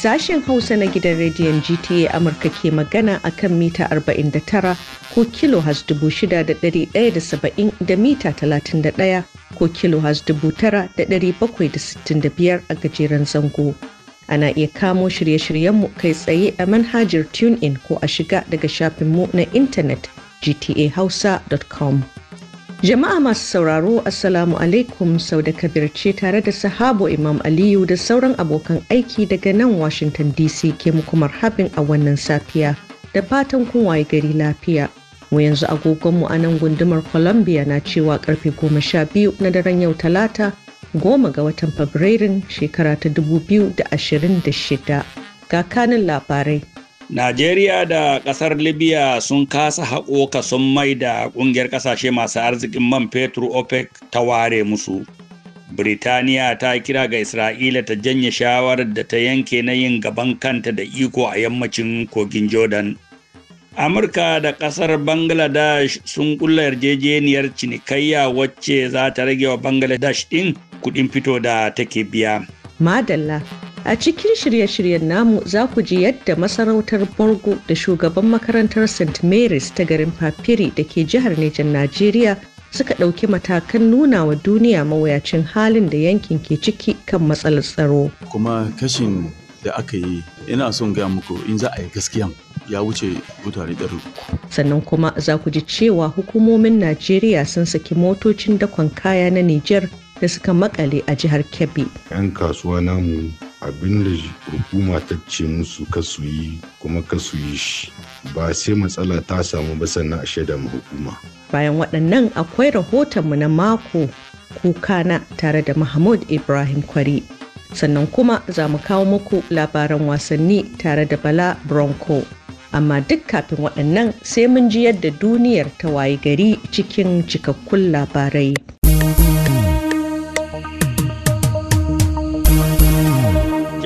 Sashen Hausa na gidan rediyon GTA Amurka ke magana a kan mita 49 ko kilo has 6,170 da da mita 31 ko kilo dubu tara da da bakwai da biyar a gajeren zango. Ana iya kamo shirye-shiryenmu kai tsaye a manhajar in ko a shiga daga shafinmu na intanet gtahausa.com. Jama'a masu sauraro Assalamu alaikum sau da kabir ce tare da sahabo Imam Aliyu da sauran abokan aiki daga nan Washington DC ke muku marhabin a wannan safiya da fatan kun waye gari lafiya. Mu yanzu agogonmu a nan gundumar Columbia na cewa karfe goma sha biyu na daren yau talata goma ga watan Fabrairun shekara ta dubu biyu da ashirin da shida. Ga kanin labarai. Najeriya da ƙasar Libya sun kasa haƙo kason mai da ƙungiyar ƙasashe masu arzikin man fetur OPEC ta ware musu. Birtaniya ta kira ga Isra'ila ta janye shawarar da ta yanke na yin gaban kanta da iko a yammacin kogin Jordan. Amurka da ƙasar Bangladesh sun ƙulla yarjejeniyar cinikayya wacce za ta rage wa Bangladesh ɗin kuɗin fito da take biya. Madalla. A cikin shirye-shiryen namu za ku ji yadda masarautar Borgo da shugaban makarantar St. Mary's ta garin Papiri da ke jihar Nijar Najeriya suka ɗauki matakan nuna wa duniya mawuyacin halin da yankin ke ciki kan matsalar tsaro. Kuma kashin da aka yi ina son gaya muku in za a yi gaskiya ya wuce mutane ɗari Sannan kuma za ku ji cewa hukumomin Najeriya sun saki motocin dakon kaya na Nijar da suka makale a jihar Kebbi. 'Yan kasuwa namu abin da hukuma ta ce musu kasu yi kuma kasu yi shi ba sai matsala ta samu ba sannan a shaida ma hukuma. Bayan waɗannan akwai rahotonmu na mako kuka na tare da Mahmud Ibrahim Kwari. Sannan kuma za mu kawo muku labaran wasanni tare da Bala Bronco. Amma duk kafin waɗannan sai mun ji yadda duniyar ta wayi gari cikin cikakkun labarai.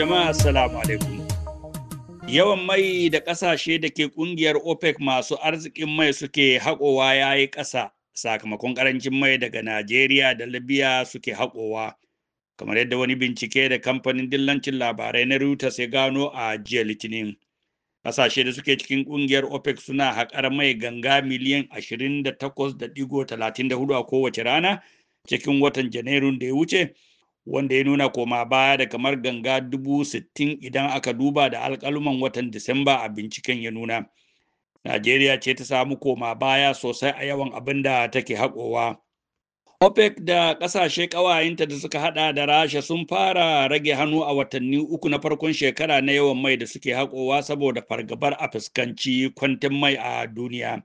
jama'a salamu alaikum yawan mai da ƙasashe da ke ƙungiyar opec masu arzikin mai suke haƙowa ya yi ƙasa sakamakon ƙarancin mai daga najeriya da libya suke haƙowa kamar yadda wani bincike da kamfanin dillancin labarai na reuters ya gano a jiya litinin ƙasashe da suke cikin ƙungiyar opec suna haƙar mai ganga miliyan 28.34 a kowace rana cikin watan janairun da ya wuce wanda ya nuna koma baya da kamar ganga dubu sittin idan aka duba da alkaluman watan Disamba a binciken ya nuna. Najeriya ce ta samu koma baya sosai a yawan abin da take haƙowa. OPEC da ƙasashe ƙawayenta da suka haɗa da Rasha sun fara rage hannu a watanni uku na farkon shekara na yawan mai da suke haƙowa saboda fargabar a fuskanci kwantin mai a duniya.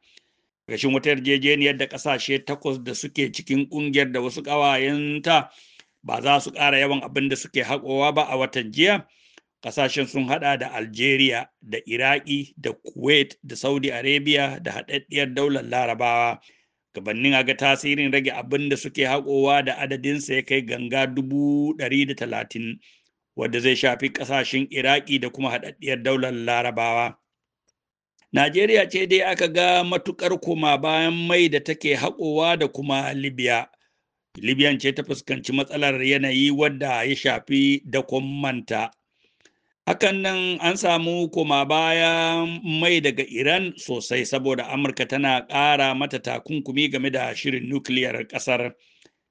Gashin wata yarjejeniyar da ƙasashe takwas da suke cikin ƙungiyar da wasu ƙawayenta ba za su ƙara yawan abin da suke haƙowa ba a watan jiya ƙasashen sun haɗa da algeria da iraki da kuwait da saudi arabia da haɗaɗɗiyar daular larabawa gabannin a ga tasirin rage abin da suke haƙowa da adadinsa ya kai ganga dubu ɗari da talatin wadda zai shafi ƙasashen iraki da kuma haɗaɗɗiyar daular larabawa najeriya ce dai aka ga matuƙar koma bayan mai da take haƙowa da kuma libya libyan ce ta fuskanci matsalar yanayi wadda ya shafi da manta. hakan nan an samu koma baya mai daga iran sosai saboda amurka tana ƙara mata takunkumi game da shirin nukiliyar ƙasar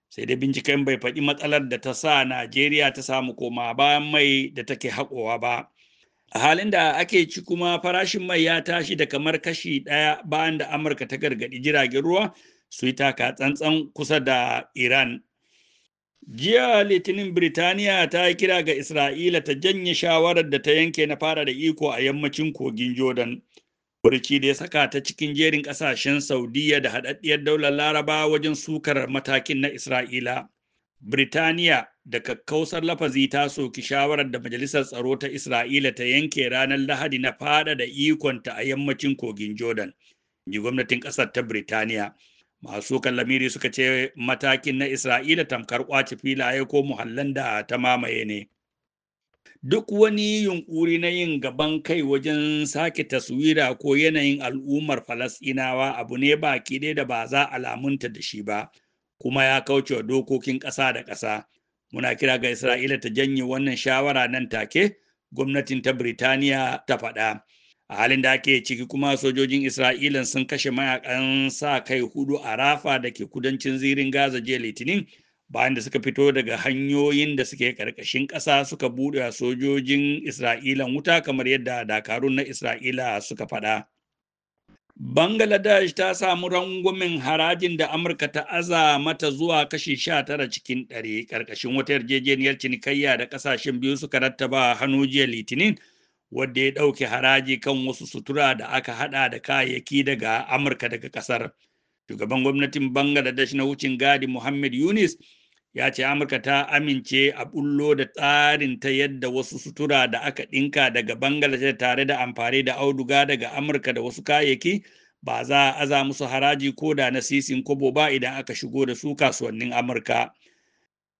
sai da binciken bai faɗi matsalar da ta sa najeriya ta samu koma bayan mai da take haƙowa ba a halin da ake ci kuma farashin mai ya tashi da kamar kashi ɗaya bayan da amurka ta gargaɗi jiragen ruwa su yi taka tsantsan kusa da Iran. Jiya Litinin Birtaniya ta yi kira ga Isra'ila ta janye shawarar da ta yanke na fara da iko a yammacin kogin Jordan. Burci da ya saka ta cikin jerin ƙasashen Saudiya da haɗaɗɗiyar daular Laraba wajen sukar matakin na Isra'ila. Birtaniya da kakkausar lafazi ta soki shawarar da Majalisar Tsaro ta Isra'ila ta yanke ranar Lahadi na fada da ikonta a yammacin kogin Jordan, ji gwamnatin ƙasar ta Birtaniya. masu kallamiri suka ce matakin na isra'ila tamkar kwace filaye ko muhallan da ta mamaye ne duk wani yunkuri na yin gaban kai wajen sake taswira ko yanayin al'ummar falasinawa abu ne baki ɗaya da ba za alamunta da shi ba kuma ya kauce wa dokokin ƙasa da ƙasa muna kira ga isra'ila ta janye wannan shawara nan take gwamnatin ta Birtaniya ta faɗa. a halin da ake ciki kuma sojojin Isra'ila sun kashe mayakan sa kai hudu a rafa da ke kudancin zirin gaza jiya litinin bayan da suka fito daga hanyoyin da suke karkashin ƙasa suka buɗe a sojojin Isra'ila wuta kamar yadda dakarun na isra'ila suka faɗa. Bangladesh ta samu rangwamen harajin da Amurka ta aza mata zuwa kashi sha cikin ɗari ƙarƙashin wata yarjejeniyar cinikayya da ƙasashen biyu suka rattaba hannu jiya Litinin wadda ya ɗauke haraji kan wasu sutura da aka haɗa da kayayyaki daga Amurka daga ƙasar. Shugaban gwamnatin Bangladesh na wucin gadi Muhammad Yunis ya ce Amurka ta amince a bullo da tsarin ta yadda wasu sutura da aka ɗinka daga Bangladesh tare da amfani da auduga daga Amurka da wasu kayayyaki ba za a aza musu haraji ko da na sisin kobo ba idan aka shigo da su kasuwannin Amurka.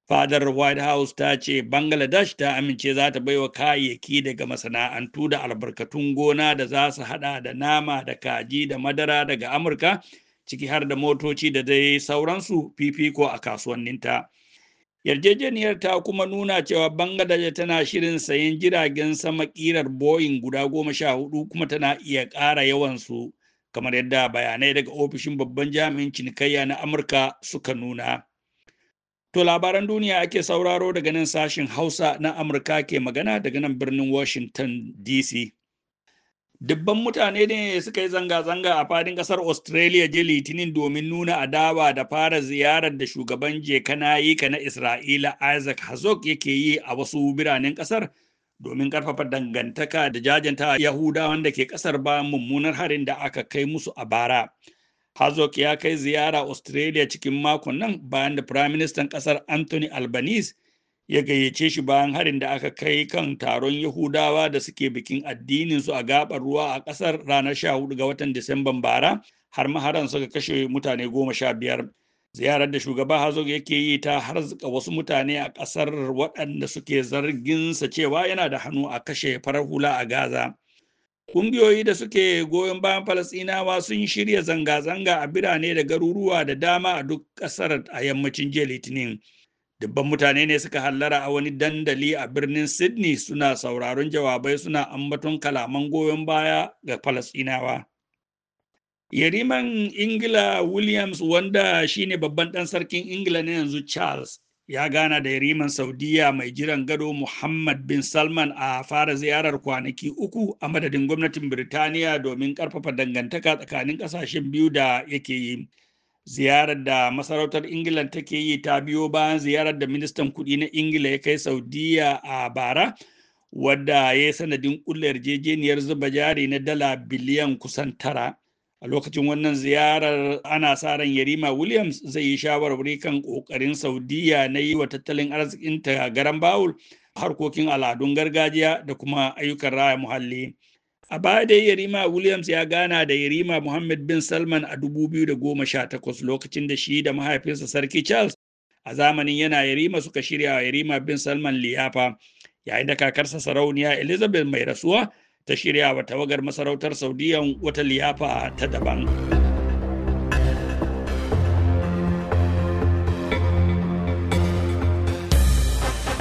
fadar white house ta ce bangladesh ta amince za ta baiwa kayayyaki daga masana'antu da albarkatun gona da za su hada da nama da kaji da madara daga amurka ciki har da motoci da dai sauransu fifiko a kasuwanninta yarjejeniyar ta kuma nuna cewa bangladesh tana shirin sayen jiragen sama kirar boeing guda goma sha hudu kuma tana iya kara yawansu kamar yadda bayanai daga ofishin babban jami'in cinikayya na amurka suka nuna To labaran duniya ake sauraro daga nan sashen Hausa na Amurka ke magana daga nan birnin Washington DC. Dubban mutane ne suka yi zanga-zanga a fadin kasar Australia je Litinin domin nuna adawa da fara ziyarar da shugaban jekanayika na Isra'ila Isaac Herzog yake yi a wasu biranen kasar domin karfafa dangantaka da jajanta Yahudawan da ke kasar ba mummunar harin da aka kai musu a bara. Hazok ya kai ziyara Australia cikin makon nan bayan da Firaministan ƙasar Anthony Albanese ya gayyace shi bayan harin da aka kai kan taron Yahudawa da suke bikin addininsu a gabar ruwa a ƙasar ranar 14 ga watan Disamban bara har maharan suka kashe mutane goma sha biyar. Ziyarar da shugaba hazok yake yi ta harzuka wasu mutane a ƙasar waɗanda suke zarginsa cewa yana da hannu a kashe farar hula a Gaza. Ƙungiyoyi da suke goyon bayan Falasɗinawa sun shirya zanga-zanga a birane da garuruwa da dama a duk ƙasar a yammacin jiya Litinin. Dubban mutane ne suka hallara a wani dandali a birnin Sydney suna sauraron jawabai suna ambaton kalaman goyon baya ga Falasɗinawa. Yariman Ingila Williams wanda shine babban ɗan sarkin Ingila na yanzu Charles ya gana da yariman saudiya mai jiran gado muhammad bin salman a fara ziyarar kwanaki uku a madadin gwamnatin birtaniya domin karfafa dangantaka tsakanin kasashen biyu da yake yi ziyarar da masarautar ingila take yi ta biyo bayan ziyarar da ministan kudi na ingila ya kai saudiya a bara wadda ya yi sanadin kulle yarjejeniyar zuba jari na dala biliyan kusan tara A lokacin wannan ziyarar ana sa ran Yarima Williams zai yi shawarwari kan kokarin Saudiya na yi wa tattalin arzikinta garan bawul, harkokin al'adun gargajiya da kuma ayyukan raya muhalli. A baya dai Yarima Williams ya gana da Yarima Muhammad bin Salman a 2018 lokacin da shi da mahaifinsa Sarki Charles a zamanin yana Yarima suka shirya wa Yarima bin Salman liyafa, yayin da kakarsa sarauniya Elizabeth mai rasuwa ta shirya wa tawagar masarautar saudiyan wata liyafa ta daban.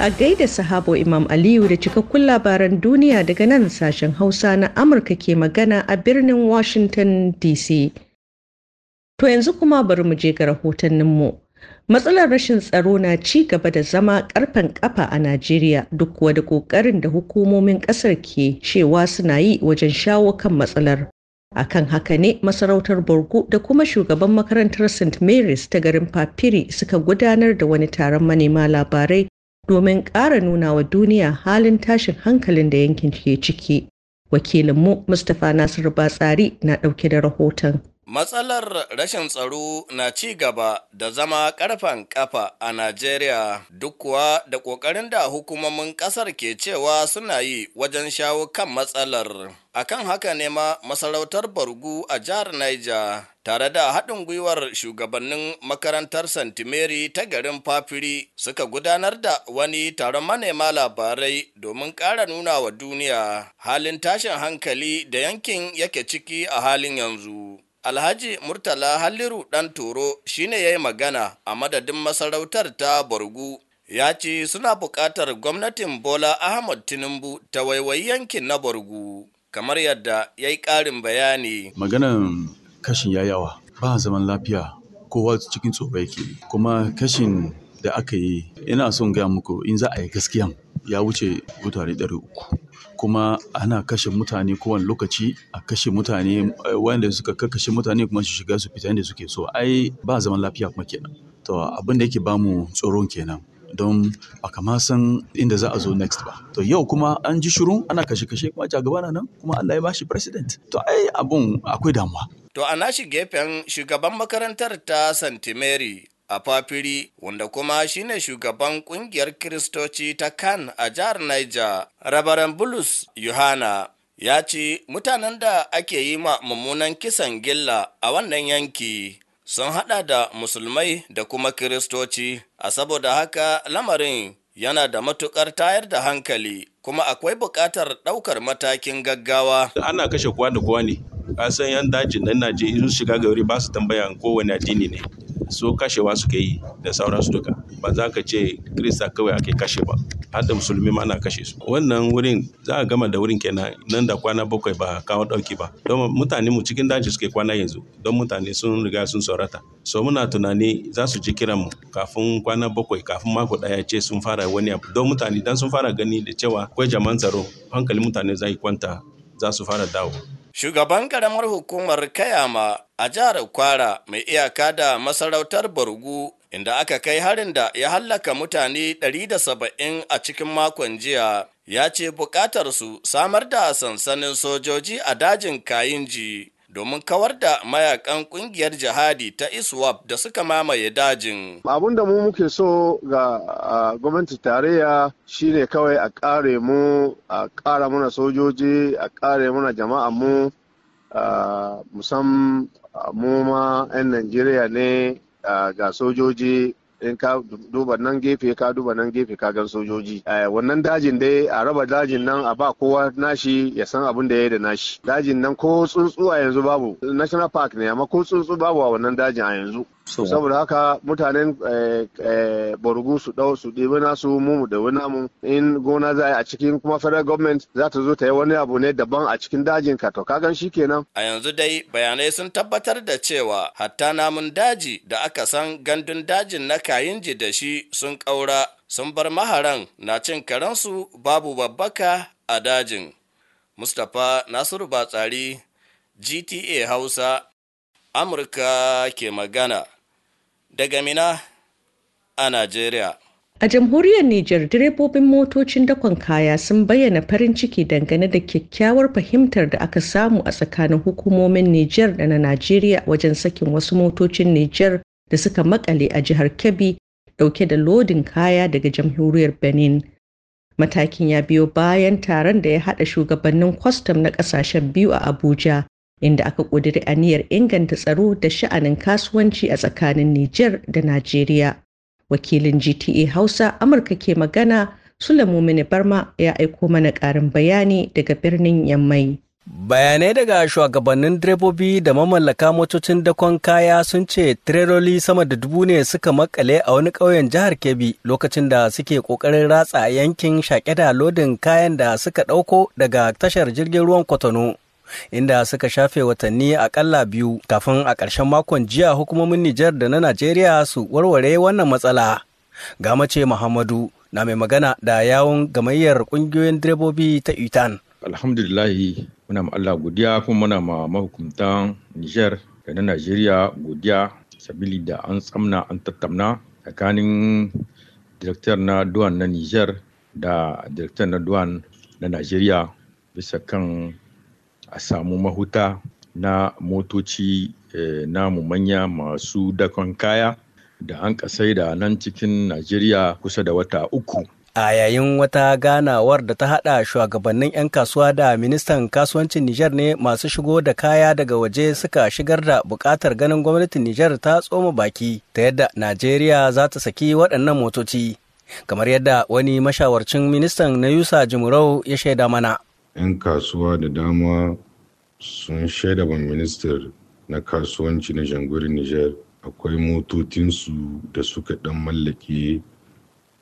a gaida sahabo imam aliyu da cikakkun labaran duniya daga nan sashen hausa na amurka ke magana a birnin washington dc to yanzu kuma bari mu je ga rahotanninmu Matsalar rashin tsaro na ci gaba da zama karfen ƙafa a Najeriya duk da ƙoƙarin da hukumomin ƙasar ke cewa suna yi wajen shawo kan matsalar. A kan haka ne masarautar Borgo da kuma shugaban makarantar St. Mary's ta garin Papiri suka gudanar da wani taron manema labarai domin ƙara nuna wa duniya halin tashin hankalin da yankin ke ciki. Wakilinmu Mustapha Nasiru Batsari na ɗauke da rahoton. Matsalar rashin tsaro na ci gaba da zama ƙarfen ƙafa a Najeriya duk kuwa da ƙoƙarin da hukumomin ƙasar ke cewa suna yi wajen shawo kan matsalar. Akan haka ne ma masarautar Bargu a jihar Niger tare da haɗin gwiwar shugabannin makarantar St. Mary ta garin Fafiri suka gudanar da wani taron manema labarai domin ƙara nuna wa duniya halin tashin hankali da yankin yake ciki a halin yanzu. alhaji murtala halliru dan toro shine ya yi magana a madadin masarautar ta borgu ya ce suna buƙatar gwamnatin bola ahmad tinubu ta waiwayi yankin na borgu kamar yadda ya yi ƙarin bayani maganan kashin ya yawa ba zaman lafiya kowa cikin tsoro ke. kuma kashin da aka yi ina son gaya muku in za a yi gaskiya. ya wuce mutane ɗari uku. Kuma ana kashe mutane kowane lokaci, a kashe mutane, eh, wanda suka kakashe mutane kuma su shiga su fita inda suke so. Ai ba zaman lafiya kuma kenan. To abin da yake bamu tsoron kenan. Don ba kama san inda za a zo next ba. To yau kuma an ji shiru ana kashe kashe kuma jagaba na nan kuma Allah ya bashi president. To ai abun akwai damuwa. To a nashi gefen shugaban makarantar ta St. Mary a fafiri wanda kuma shine shugaban kungiyar kiristoci ta kan a jihar niger rabaran bulus yohana ya ce mutanen da ake yi ma mummunan kisan gilla a wannan yanki sun hada da musulmai da kuma kiristoci a saboda haka lamarin yana da matukar tayar da hankali kuma akwai buƙatar ɗaukar matakin gaggawa. Ana kashe kowa da kowa ne, san yan dajin nan na je shiga gari ba su tambaya kowane addini ne. su kashewa suke yi da sauransu duka ba za ka ce krista kawai ake kashe ba har da musulmi ma na kashe su wannan wurin za a gama da wurin kenan nan da kwana bakwai ba kawo dauki ba don mutane mu cikin daji suke kwana yanzu don mutane sun riga sun saurata so muna tunani za su ji kiran mu kafin kwana bakwai kafin mako daya ce sun fara wani abu don mutane dan sun fara gani da cewa akwai jaman tsaro hankali mutane zai kwanta za su fara dawo shugaban karamar hukumar kayama a jihar kwara mai iyaka da masarautar bargu inda aka kai harin da ya hallaka mutane 170 a cikin makon jiya ya ce su samar da sansanin sojoji a dajin kayinji domin kawar da mayakan kungiyar jihadi ta iswap da suka mamaye dajin. abun da mu muke so ga gwamnati tarayya shine kawai a kare mu a kara mana sojoji a kare mana jama'a mu musamman mu ma 'yan najeriya ne ga sojoji in ka duba nan gefe ka duba nan gefe ka gan sojoji wannan dajin dai a raba dajin nan a ba kowa nashi ya san abin da ya yi da nashi dajin nan ko tsuntsu a yanzu babu national park ne amma ko tsuntsu babu a wannan dajin a yanzu saboda haka mutanen eh, eh, borgu su dau su ɗibi nasu mu mu da namu in gona za a yi a cikin kuma federal government za ta zo ta yi wani abu ne daban a cikin dajin ka to kagan shi kenan a yanzu dai bayanai sun tabbatar da cewa hatta namun daji da aka san gandun dajin na kayinji da shi sun kaura sun bar maharan na cin karensu babu babbaka a dajin mustapha nasiru batsari gta hausa amurka ke magana daga Mina a Najeriya. A jamhuriyar Nijar direbobin motocin dakon kaya sun bayyana farin ciki dangane da kyakkyawar fahimtar da aka samu a tsakanin hukumomin Nijar da na Najeriya wajen sakin wasu motocin Nijar da suka makale a jihar Kebbi dauke da lodin kaya daga jamhuriyar Benin. Matakin ya biyo bayan taron da ya haɗa shugabannin kwastam na ƙasashen biyu a Abuja inda aka ƙudiri aniyar inganta tsaro da sha'anin kasuwanci a tsakanin Nijar da Najeriya. Wakilin GTA Hausa Amurka ke magana Sulaimu Mini Barma ya aiko mana ƙarin bayani daga birnin Yammai. Bayanai daga shugabannin direbobi da mamallaka motocin dakon kaya sun ce tireloli sama da dubu ne suka makale a wani ƙauyen jihar Kebbi lokacin da suke ƙoƙarin ratsa yankin shaƙe da lodin kayan da suka ɗauko daga tashar jirgin ruwan Kwatano. inda suka shafe watanni akalla biyu kafin a ƙarshen makon jiya hukumomin Nijar da na Najeriya su warware wannan matsala. mace Muhammadu na mai magana da yawon gamayyar ƙungiyoyin direbobi ta Itan. Alhamdulillahi muna ma Allah godiya kuma muna ma mahukuntan Nijar da na Najeriya godiya sabili da an tsamna an tattamna tsakanin direktar na duwan na Nijar da direktar na duwan na Najeriya bisa kan a samu mahuta na motoci eh, namu manya masu dakon kaya da an da nan cikin Najeriya kusa da wata uku. A yayin wata ganawar da ta haɗa shugabannin 'yan kasuwa da ministan kasuwancin Nijar ne masu shigo da kaya daga waje suka shigar da buƙatar ganin gwamnatin Nijar ta tsoma baki ta yadda Najeriya za ta saki waɗannan motoci. Kamar yadda wani mashawarcin ministan na Yusa Jimurau ya shaida mana. 'yan kasuwa da dama sun shaida ban ministar na kasuwanci na janguri Nijar akwai motocinsu da suka dan mallake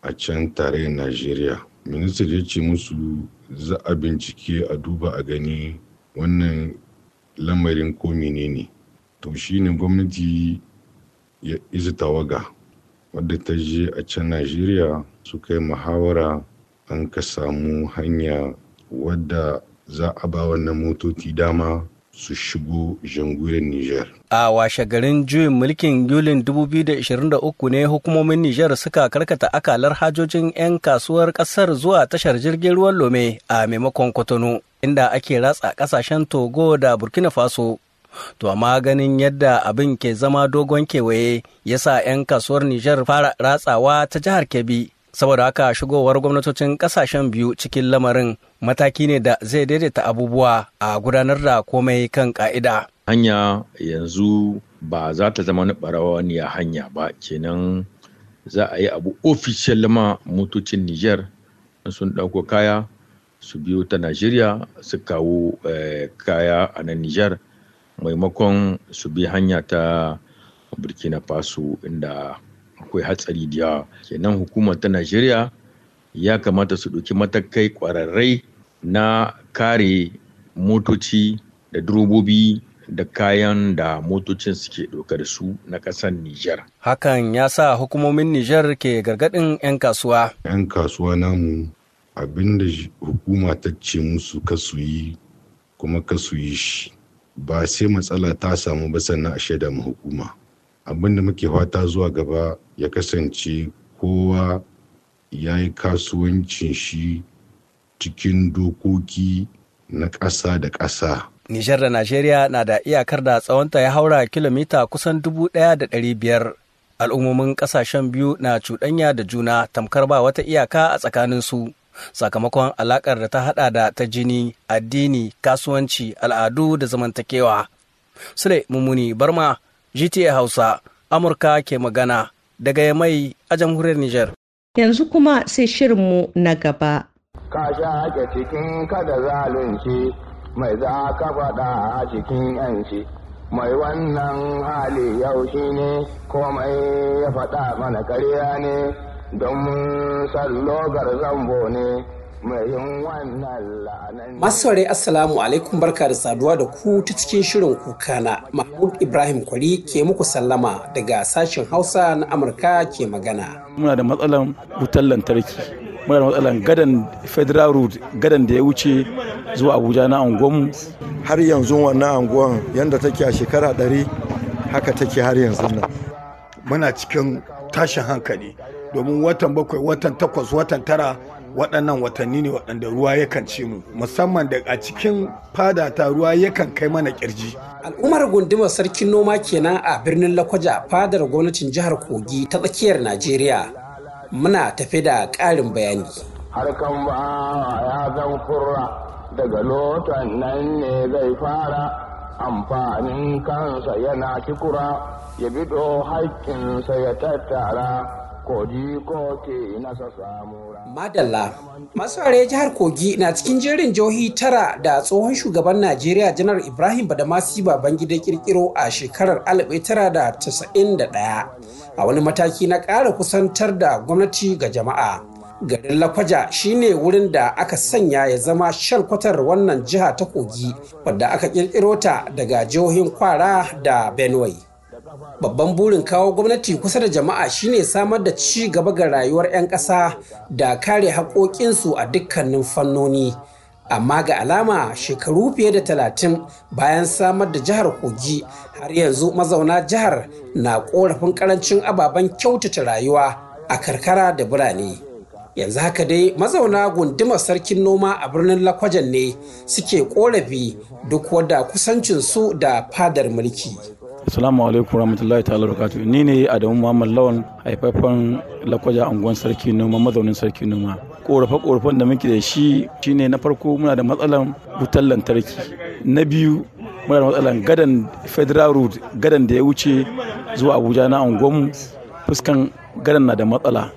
a can tare da Najeriya. Ministar ya ce musu za a bincike a duba a gani wannan lamarin ko ne To shi ne gwamnati ya izi tawaga wadda ta je a can Najeriya suka yi muhawara an ka samu hanya wadda za a ba wannan motoci dama su shigo jamhuriyar Nijar. A washe garin juyin mulkin Yulin 2023 ne hukumomin Nijar suka karkata akalar hajojin 'yan kasuwar kasar zuwa tashar jirgin ruwan Lome a maimakon Kwatano, inda ake ratsa kasashen Togo da Burkina Faso. To amma ganin yadda abin ke zama dogon kewaye yasa 'yan kasuwar Nijar fara ratsawa ta jihar Kebbi saboda haka shigowar gwamnatocin kasashen biyu cikin lamarin mataki ne da zai daidaita abubuwa a gudanar da komai kan ka'ida hanya yanzu ba za ta zama ni a hanya ba kenan za a yi abu ofishiyal ma motocin niger sun ɗauko kaya su biyo ta nigeria su kawo eh, kaya a nan niger maimakon su bi hanya ta burkina faso inda akwai hatsari da yawa kenan hukumar ta najeriya ya kamata su ɗauki matakai ƙwararrai na kare motoci da durobobi da kayan da motocin suke ɗauka su na ƙasar Nijar. Hakan ya sa hukumomin Nijar ke gargaɗin 'yan kasuwa. 'Yan kasuwa namu abin da hukuma ta ce musu kasu yi kuma kasu yi shi ba sai matsala ta samu ba sannan a shaida ma hukuma. abin da muke fata zuwa gaba ya kasance kowa ya yi kasuwancin shi cikin dokoki na ƙasa da ƙasa. Nijar da Najeriya na da iyakar da tsawonta ya haura kilomita kusan dubu ɗaya da ɗari biyar. Al'ummomin ƙasashen biyu na cuɗanya da juna tamkar ba wata iyaka a tsakaninsu. Sakamakon alaƙar da ta haɗa da ta jini, addini, kasuwanci, al'adu da zamantakewa. Sule Mummuni Barma GTA Hausa, Amurka ke magana daga mai a jamhuriyar Nijar. Yanzu kuma sai shirinmu na gaba. Ka sha ake cikin kada zalunci mai za ka faɗa a cikin yanci. Mai wannan hali yau shi ne komai ya faɗa mana karya ne don sallogar zambo ne. Masaurai Assalamu alaikum barka da saduwa da ku ta cikin shirin kukana Mahmud Ibrahim Kwari ke muku sallama daga sashen Hausa na Amurka ke magana. Muna da matsalan wutar lantarki, muna da matsalan gadan Federal Road gadan da ya wuce zuwa Abuja na anguwanmu. Har yanzu wannan unguwan yadda take a shekara ɗari haka take har yanzu nan. Muna cikin tashin hankali domin watan bakwai watan takwas watan tara waɗannan watanni ne waɗanda ruwa yakan ce mu musamman da a cikin fada ta ruwa yakan kai mana kirji al'ummar gundumar sarkin noma kenan a birnin lakwaja fadar gwamnatin jihar kogi ta tsakiyar najeriya muna tafe da ƙarin bayani harkan ba ya zan kurra daga lotan nan ne zai fara amfanin kansa yana kikura ya bido haƙƙinsa ya tattara Madalla, masare jihar Kogi na cikin jerin jihohi tara da tsohon shugaban Najeriya Janar Ibrahim Badamasi Babangida kirkiro a shekarar 1991 a wani mataki na ƙara kusantar da gwamnati ga jama'a. Garin Lakwaja shine wurin da aka sanya ya zama shalkwatar wannan jiha ta Kogi wadda aka kirkiro ta daga jihohin Kwara da Benue. Babban burin kawo gwamnati kusa da jama'a shine samar da ci gaba ga rayuwar 'yan ƙasa da kare haƙoƙinsu a dukkanin fannoni. Amma ga alama shekaru fiye da talatin bayan samar da jihar Kogi har yanzu mazauna jihar na korafin karancin ababen kyautata rayuwa a karkara da birane. yanzu haka dai mazauna gundumar sarkin noma a birnin lakwajan ne suke korafi duk wadda kusancinsu da fadar mulki. Assalamu alaikum ta ta'ala barakatuh. Ni ne Adamu Muhammad Lawan haifafen lakwaja unguwan sarki noma mazaunin sarki noma. Korafe korafen da muke da shi shine na farko muna da matsalan wutar lantarki. Na biyu muna da matsalan gadan Federal Road gadan da ya wuce zuwa Abuja na unguwan fuskan gadan na da matsala.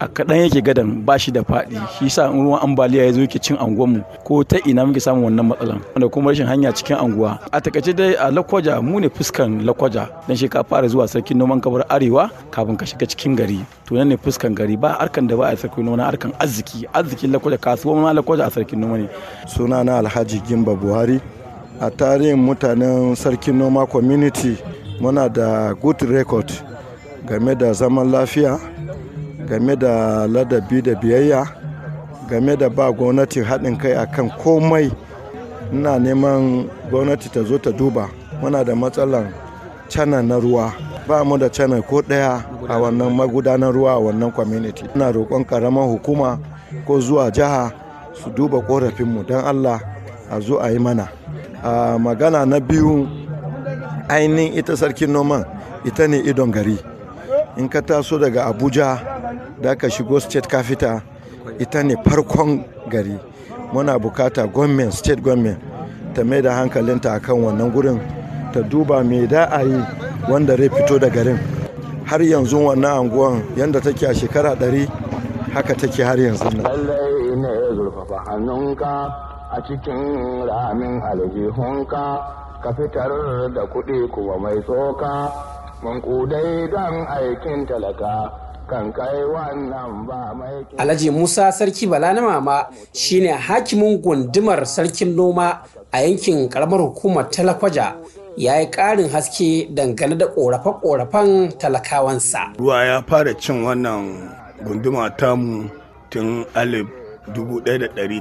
a kaɗan yake gadan ba shi da faɗi shi sa in ruwan ambaliya ya zo yake cin anguwanmu ko ta ina muke samun wannan matsalan wanda kuma rashin hanya cikin anguwa a takaice dai a lakwaja mu ne fuskan lakwaja dan shi ka fara zuwa sarkin noman kabar arewa kafin ka shiga cikin gari to nan ne fuskan gari ba harkan da ba a sarkin noma harkan arziki arzikin lakwaja kasuwa ma lakwaja a sarkin noma ne sunana alhaji gimba buhari a tarihin mutanen sarkin noma community muna da good record game da zaman lafiya game da ladabi da biyayya game da ba gwamnati haɗin kai akan komai ina neman gwamnati ta zo ta duba muna da matsalan cana na ruwa ba mu da cana ko ɗaya a wannan magudanar ruwa a wannan community ina roƙon ƙaramin hukuma ko zuwa jiha su duba ƙorafinmu don allah a zo a yi mana a magana na biyu ainihin ita sarkin noman ita ne idon gari in ka taso daga abuja da shigo state kafita ita ne farkon gari muna bukata gwamnati state government ta mai da hankalinta akan wannan gurin ta duba mai da a yi wanda zai fito da garin har yanzu wannan anguwan yadda take a shekara ɗari haka take har yanzu nan. Lallai ne zurfafa hannunka a cikin ramin aljihunka ka fitar da kuɗi kuma mai tsoka mun don aikin talaka Alhaji Musa Sarki Bala na Mama shine hakimin gundumar sarkin noma a yankin karamar hukumar Talakwaja ya yi ƙarin haske dangane da ƙorafe-ƙorafen talakawansa. Ruwa ya fara cin wannan gunduma tamu tun alif dubu da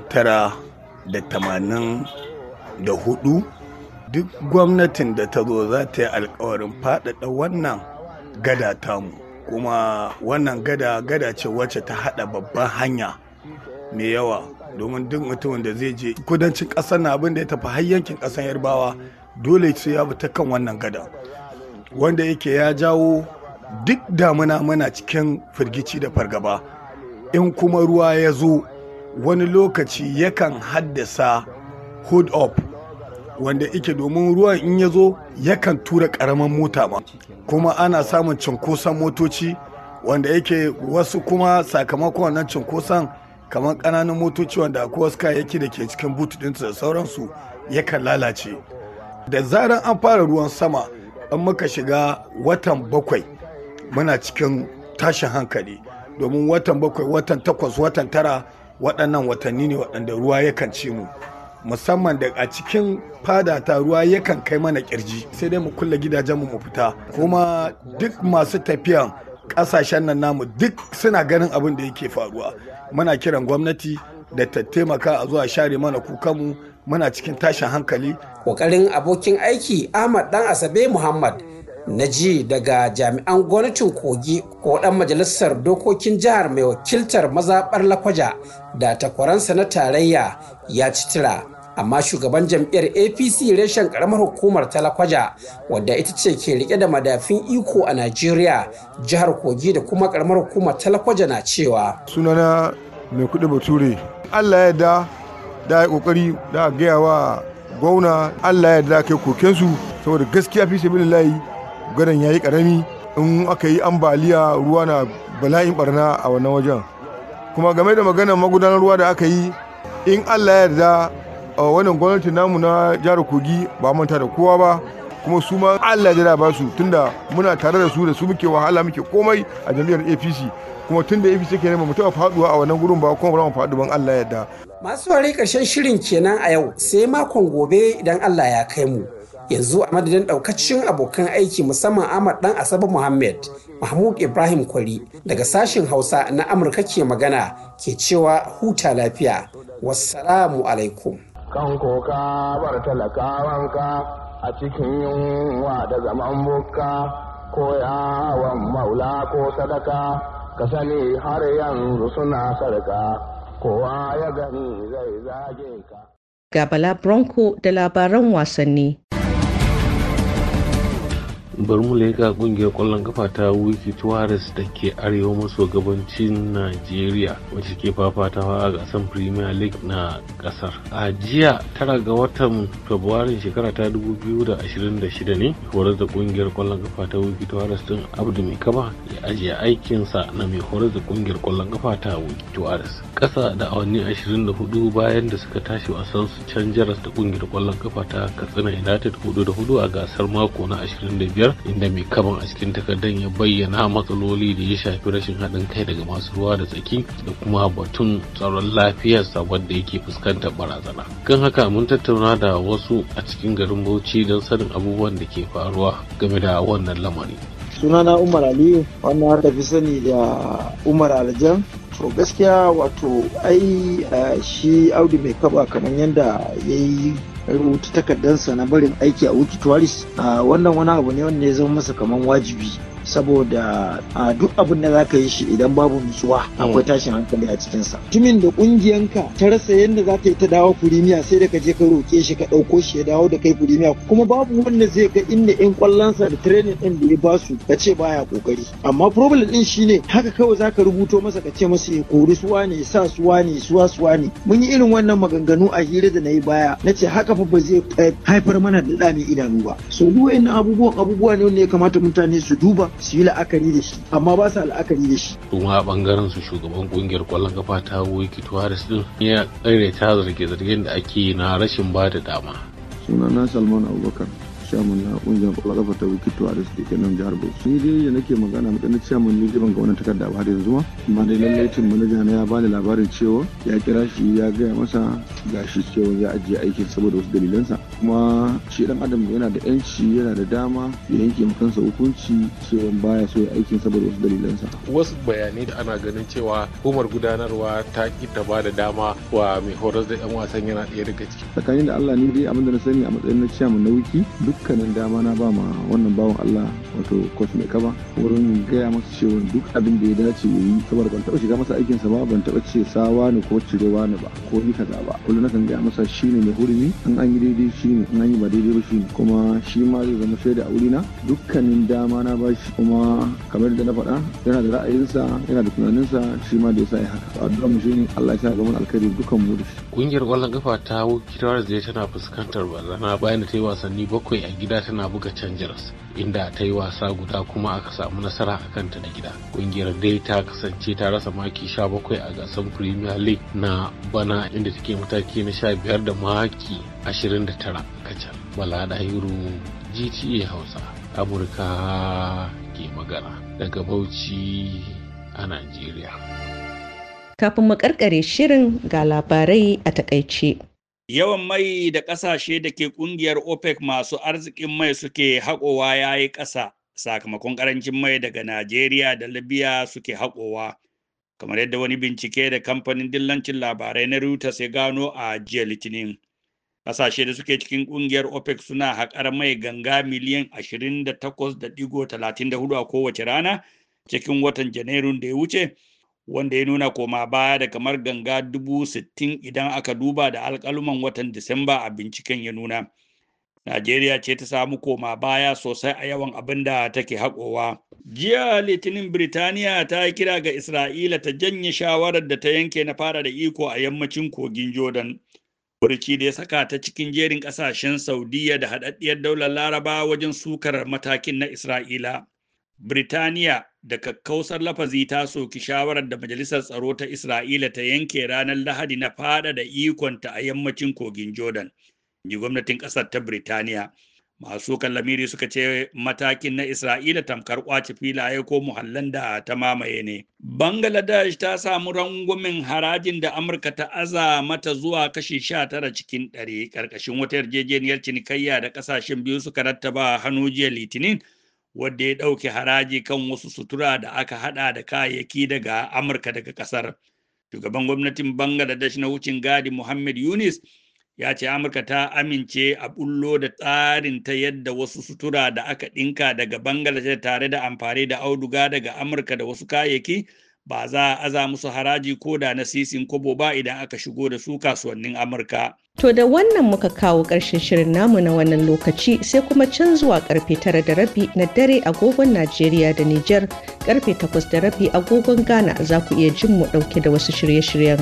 tara da tamanin da hudu duk gwamnatin da ta zo za ta yi alkawarin faɗaɗa wannan gada tamu. kuma wannan gada gada ce wacce ta hada babban hanya mai yawa domin duk mutumin da zai je kudancin ƙasan na abin da ya tafi har yankin ƙasan yarbawa dole sai ya ta kan wannan gada wanda yake ya jawo duk damuna muna cikin firgici da fargaba in kuma ruwa ya zo wani lokaci yakan haddasa hood up wanda ike domin ruwan in ya zo yakan tura ƙaramin mota ma kuma ana samun cinkoson motoci wanda yake wasu kuma sakamakon wannan cinkoson kamar ƙananan motoci wanda akwai wasu kayayyaki da ke cikin butu ɗinsu da sauransu yakan lalace da zaran an fara ruwan sama an muka shiga watan bakwai muna cikin tashin hankali domin watan bakwai watan takwas watan tara waɗannan watanni ne waɗanda ruwa yakan ci mu musamman da a cikin fada ta ruwa yakan kai mana kirji sai dai mu kulle gidajen mu fita kuma duk masu tafiyan kasashen nan namu duk suna ganin abin da yake faruwa muna kiran gwamnati da ta taimaka a zuwa share mana kukanmu muna cikin tashin hankali kokarin abokin aiki ahmad dan asabe muhammad na ji daga jami'an gwamnatin kogi ko dan majalisar dokokin jihar mai wakiltar mazaɓar lakwaja da takwaransa na tarayya ya ci tira amma shugaban jam'iyyar apc reshen karamar hukumar talakwaja wadda ita ce ke rike da madafin iko a najeriya jihar kogi da kuma karamar hukumar talakwaja na cewa sunana mai kudi bature allah ya da da ya kokari da a gaya wa gwamna allah ya da kai kokensu saboda gaskiya fi layi. gadon ya yi karami in aka yi ambaliya ruwa na bala'in barna a wannan wajen kuma game da maganar magudanar ruwa da aka yi in allah ya yarda Eh, wannan gwamnati namu na jihar kogi ba manta da kowa ba kuma su ma Allah ya ba su tunda muna tare da su da su muke wahala muke komai a jami'ar APC kuma tunda APC ke nema mutum faduwa a wannan gurin ba kuma ba mu faɗu ban Allah ya masu ware karshen shirin kenan a yau sai makon gobe idan Allah ya kai mu yanzu a madadin ɗaukacin abokan aiki musamman Ahmad dan Asabar Muhammad Mahmud Ibrahim Kwari daga sashen Hausa na Amurka ke magana ke cewa huta lafiya wassalamu alaikum kan koka bar talakawanka a cikin yunwa da zaman bukka ko yawon maula ko sadaka ka sani har yanzu suna sarka kowa ya gani zai zage ka. Gabala Bronco da labaran wasanni. bari mu leka kungiyar kwallon kafa ta wiki tuwaris da ke arewa maso gabancin najeriya wacce ke fafatawa a gasar premier league na kasar a jiya tara ga watan fabrairun shekara ta 2026 ne horar da kungiyar kwallon kafa ta wiki tuwaris din abdu mai kaba ya ajiye aikinsa na mai horar da kungiyar kwallon kafa ta wiki tuwaris kasa da awanni 24 bayan da suka tashi wasan su can jaras da kungiyar kwallon kafa ta katsina united hudu da hudu a gasar mako na 25 inda mai kaban a cikin takardar ya bayyana matsaloli da ya shafi rashin haɗin kai daga masu ruwa da tsaki da kuma batun tsaron lafiyarsa saboda yake fuskantar barazana kan haka mun tattauna da wasu a cikin garin bauchi don sanin abubuwan da ke faruwa game da wannan lamari sunana umar aliyu wannan har sani da umar aljan to gaskiya wato ai eh, shi audi mai kaba kamar yadda ya yi rubuta takardarsa na barin aiki a wiki tuwaris ah, wannan wani abu ne wanda ya zama masa kamar wajibi saboda a duk abin da zaka yi shi idan babu nutsuwa hmm. akwai tashin hankali a cikin sa tumin da kungiyanka ta rasa yadda za ta yi ta dawo firimiya sai da ka je ka roke shi ka dauko shi ya dawo da kai firimiya kuma babu wanda zai ga inda yan kwallonsa da training din da ya basu ka ce baya kokari amma problem din shine haka kawai zaka rubuto masa ka ce masa ya kori suwa ne sa suwa ne suwa suwa ne mun yi irin wannan maganganu a hira da na yi baya na ce haka fa ba zai eh, haifar mana da dami idanu ba so duk abubuwan abubuwa ne wanda ya kamata mutane su duba su yi la'akari da shi amma ba su la'akari da shi. kuma a bangaren su shugaban kungiyar kwallon kafa ta wiki tuwaris din ya ta zarge-zargen da ake na rashin ba da dama. sunana salman abubakar Ciamun na kungiyar kwallon kafa ta wikito a da ke nan jihar bauchi ni dai da nake magana mu matsayin ciamun ni ban ga wannan takarda ba har yanzu ma amma dai lallai tun manaja na ya bani labarin cewa ya kira shi ya gaya masa ga shi cewa ya ajiye aikin saboda wasu dalilansa kuma shi dan adam yana da yanci yana da dama ya yanke kansa hukunci cewa baya so ya aikin saboda wasu dalilansa wasu bayanai da ana ganin cewa hukumar gudanarwa ta ki ta ba da dama wa mai horar da yan wasan yana daya daga ciki tsakanin da Allah ni dai abin da na sani a matsayin na ciyaman na wiki duk dukkanin dama na ba ma wannan bawan Allah wato coach mai kaba wurin gaya masa cewa duk abin da ya dace ya yi saboda ban taɓa shiga masa aikin sa ba ban taɓa ce sawa ne ko cire wani ba ko ni kaza ba kullum nakan gaya masa shine mai hurumi in an yi daidai shine in an yi ba daidai ba shine kuma shi ma zai zama shaida a wurina dukkanin dama na ba shi kuma kamar da na faɗa yana da ra'ayinsa yana da tunaninsa shi ma da ya sa ya haka addu'a mu shine Allah ya sa ga mun alkhairi dukkan mu da shi kungiyar kwallon kafa ta kirar zai tana fuskantar barazana bayan da ta yi wasanni bakwai a gida tana buga canjaras inda ta yi wasa guda kuma aka samu nasara a kanta na gida kungiyar dai ta kasance ta rasa maki sha bakwai a gasar premier league na bana inda take mataki na sha biyar da maki ashirin da tara kacal bala da hiru gta hausa amurka ke magana daga bauchi a najeriya Kafin mu karkare shirin ga labarai a takaice. Yawan mai da ƙasashe da ke ƙungiyar OPEC masu arzikin mai suke haƙowa ya yi ƙasa sakamakon ƙarancin mai daga Najeriya da Libya suke haƙowa. Kamar yadda wani bincike da kamfanin dillancin labarai na Reuters ya gano a jiya Litinin. Ƙasashe da suke cikin ƙungiyar OPEC suna haƙar mai ganga miliyan 28.34 a kowace rana cikin watan Janairun da ya wuce. wanda ya nuna koma baya da kamar ganga dubu sittin idan aka duba da alkaluman watan Disamba a binciken ya nuna. Najeriya ce ta samu koma baya sosai a yawan abin da take haƙowa. Jiya Litinin Birtaniya ta yi kira ga Isra'ila ta janye shawarar da ta yanke na fara da iko a yammacin kogin Jordan. Burki da ya saka ta cikin jerin ƙasashen Saudiya da haɗaɗɗiyar daular Laraba wajen sukar matakin na Isra'ila. Birtaniya da kakkausar lafazi ta soki shawarar da Majalisar Tsaro ta Isra'ila ta yanke ranar Lahadi na fada da ikonta a yammacin kogin Jordan, ji gwamnatin ƙasar ta Birtaniya. Masu kallamiri suka ce matakin na Isra'ila tamkar kwace filaye ko muhallan da ta mamaye ne. Bangladesh ta samu rangwamin harajin da Amurka ta aza mata zuwa kashi sha tara cikin ɗari ƙarƙashin wata yarjejeniyar cinikayya da ƙasashen biyu suka rattaba hannu jiya Litinin. wadda ya ɗauke haraji kan wasu sutura da aka haɗa da kayayyaki daga Amurka daga ƙasar. Shugaban gwamnatin Bangladesh na wucin gadi Muhammad Yunis ya ce Amurka ta amince a bullo da tsarin ta yadda wasu sutura da aka ɗinka daga Bangladesh tare da amfani da auduga daga Amurka da wasu kayayyaki ba za a aza musu haraji ko da na sisin kobo ba idan aka shigo da su kasuwannin Amurka. To da wannan muka kawo ƙarshen shirin namu na wannan lokaci sai kuma can zuwa karfe tara da rabi na dare agogon Najeriya da Nijar karfe takwas da rabi agogon Ghana za ku iya jin mu ɗauke da wasu shirye-shiryen.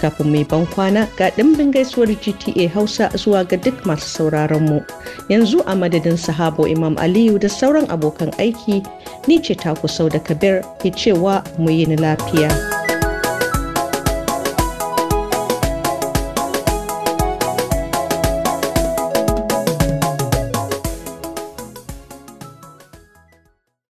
Kafin mai ban kwana ga ɗimbin gaisuwar GTA Hausa zuwa ga duk masu sauraron mu. Yanzu a madadin sahabo Imam Aliyu da sauran abokan aiki ni ce taku sau da kabir ke cewa mu yi lafiya.